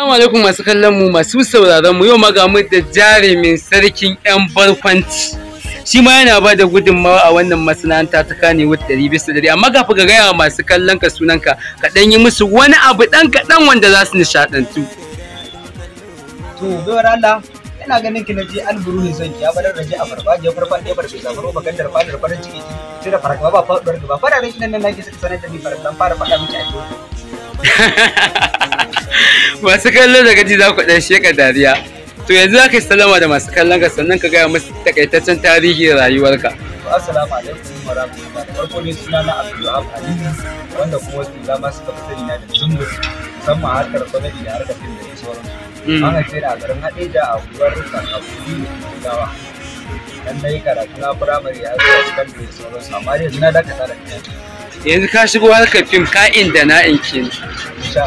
Assalamu alaikum masu kallon mu masu sauraron mu yau mu da jarumin sarkin yan barkwanci shi ma yana ba da gudunmawa a wannan masana'anta ta kane wata dari bisa dari amma kafin ga gaya wa masu kallon ka sunanka ka ɗan yi musu wani abu ɗan kaɗan wanda za su nishaɗantu. To bewar Allah ina ganin ki na je alburu ne son ki ya badar da je a farfa je farfa ɗaya farfe zabar ba gandar fadar farin ciki ki da farka ba faɗuwar ba fararen kinan nan nake suka sanar da ni farka fara faɗa miki a masu kallon da gaji za ku ɗan sheka dariya to yanzu za ka yi salama da masu kallon ka sannan ka gaya musu takaitaccen tarihin rayuwarka assalamu alaikum wa rahmatullahi farko ne suna na abdullahi aliyu wanda kuma wasu dama suka fi sani na da jungu musamman harkar kwamiti da harkar fim da sauransu mm. an haife a garin haɗeja a unguwar kakakuri da gawa dan na yi karatu na firamare a zuwa sakandare da sauransu amma yanzu na dakata da kai yanzu ka shigo harkar fim ka inda na in ke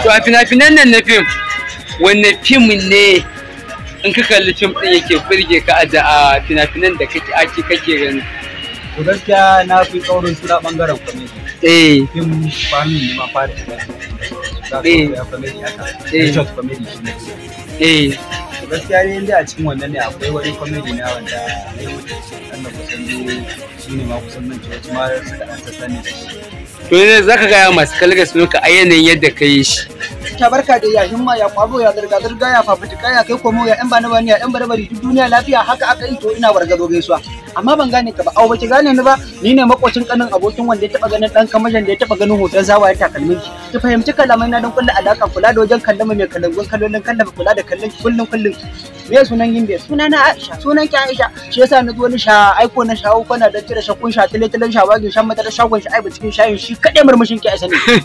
to a fina-finan nan na fim wanne fim ne in ka kalli fim ɗin yake birge ka a fina-finan da kake ake kake gani to gaskiya na fi kaurin suna bangaren comedy eh fim fami ne ma fara shiga eh comedy haka eh short comedy shi ne eh gaskiya ne inda a cikin wannan ne akwai wani comedy na wanda ne wanda kusan shi ne ma kusan nan ce wacce ma suka an sassani da shi to ne za ka gaya masu kalgar snooker a yanayin yadda ka yi shi. ta barka da ya himma ya kwabo ya zirga zirga ya fafutuka ya kai komo ya yan bani bani ya yan barbari duk duniya lafiya haka aka yi to ina wargazo gaisuwa. amma ban gane ka ba au ki gane ni ba ni ne makocin kanin abokin wanda ya taba ganin dan kamajan da ya taba ganin hoton zawaye takalmin ki ki fahimci kalamai na don kulle alaka kula da wajen kallon mai kallon kallon kallon kula da kallon kullun kullun me sunan yin bai na Aisha sunan ki Aisha shi yasa na zo ni sha aiko na shawo kana da tira shakun sha tile talen sha sha mata da shagon shi ba cikin shayin shi kade murmushin ki Aisha ne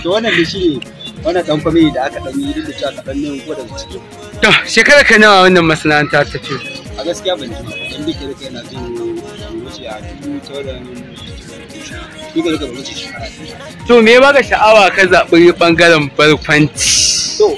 to wannan da shi wannan dan kwami da aka dan yi duk da cewa dan ne ko da ciki to shekara ka nawa wannan masana'anta ta ce a gaskiya ban ji don duka duka yana jin wuce a dubu tauran duka duka wuce shekara to me ga sha'awa ka zaɓi ɓangaren barkwanci to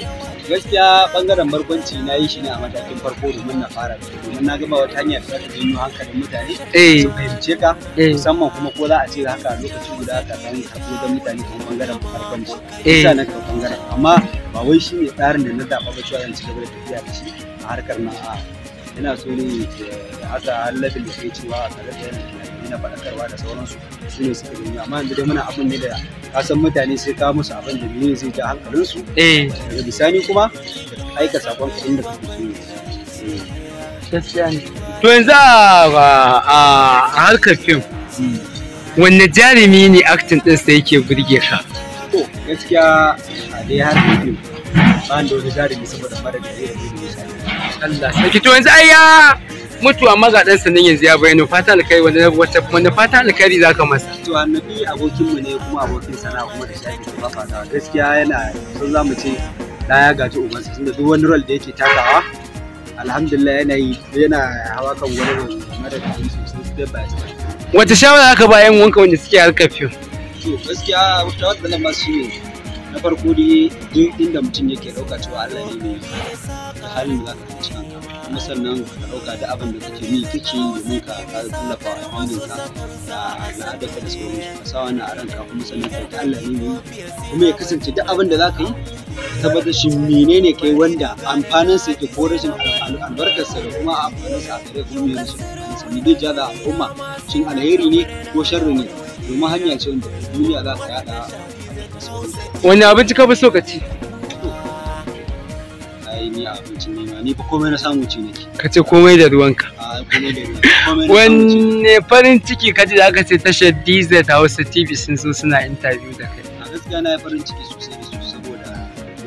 gaskiya ɓangaren barkwanci na yi shi ne a matakin farko domin na fara domin na gama wata hanyar da ta janyo hankalin mutane su eh. fahimce ka eh. musamman kuma ko za a ce haka lokaci guda ka san haɗu da mutane kan ɓangaren barkwanci eh. isa na ɓangaren amma ba wai shi ne tsarin da na zaɓa ba cewa zan ci gaba da tafiya da shi a harkar na ina so ne da asa halabin da ke cewa a tare da yanayi na faɗakarwa da sauransu su ne suka yi amma yanzu dai muna abin ne da kasan mutane sai kawo musu abin da ne zai ja hankalinsu eh. daga bisani kuma aika sakon ka da kake so gaskiya ne to yanzu a harkar fim hmm. wanne jarumi ne aktin ɗinsa yake burge ka to gaskiya a dai harkar fim ba da wani ne saboda fara da zai Allah sarki to yanzu ai ya mutu amma ga dan sanin yanzu ya bayyana fata alkai wani wata wani fata alkari zaka masa to annabi abokin mu ne kuma abokin sana'a kuma da shafi ba fata gaskiya yana sun zamu ce da ya gaji ubansa tunda duk wani rol da yake takawa alhamdulillah yana yi yana hawa kan wani mara da sosai step by step wata shawara aka ba yan wanka wanda suke harkar fim to gaskiya wata wadda nan ma shi ne na farko dai duk inda mutum yake ɗauka cewa Allah ne mai da halin da za ka ci kuma sannan ka ɗauka da abin da kake ni kake yi domin ka tallafa a addinin ka da al'adar ka da su ka sa wannan a ranka kuma sannan ka ta Allah ne mai kuma ya kasance duk abin da za ka yi tabbatar shi menene kai wanda amfanin sa yake ko rashin albarkar sa da kuma amfanin sa da kuma ya rashin sa ne zai da al'umma shin alheri ne ko sharri ne domin hanya ce wanda duniya za ta yada wani abinci ka fi so ka ci ka ce komai da ruwanka wanne farin ciki ka ji da aka ce tashar DZ Hausa TV sun zo suna interview da kai a gaskiya na farin ciki sosai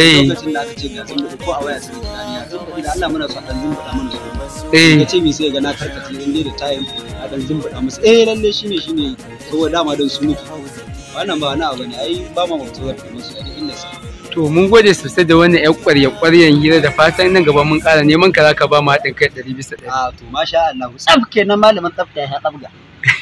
Eh. lokacin da aka ce ga zumbuɗi ko a waya sai da daniya zumbuɗi da Allah muna son dan zumbuɗa mana su eh. ya ce mi sai ga na karkace in dai da tayin a dan zumbuɗa musu eh lalle shine shine to dama don su muke wannan ba wani abu ne ai ba ma mutuwar da musu a inda su to mun gode sosai da wannan yan kwarya kwaryan hira da fatan nan gaba mun ƙara neman ka zaka ba mu haɗin kai ɗari bisa ɗari a ah, to masha Allah tsaf kenan malamin tsafta ya tsafga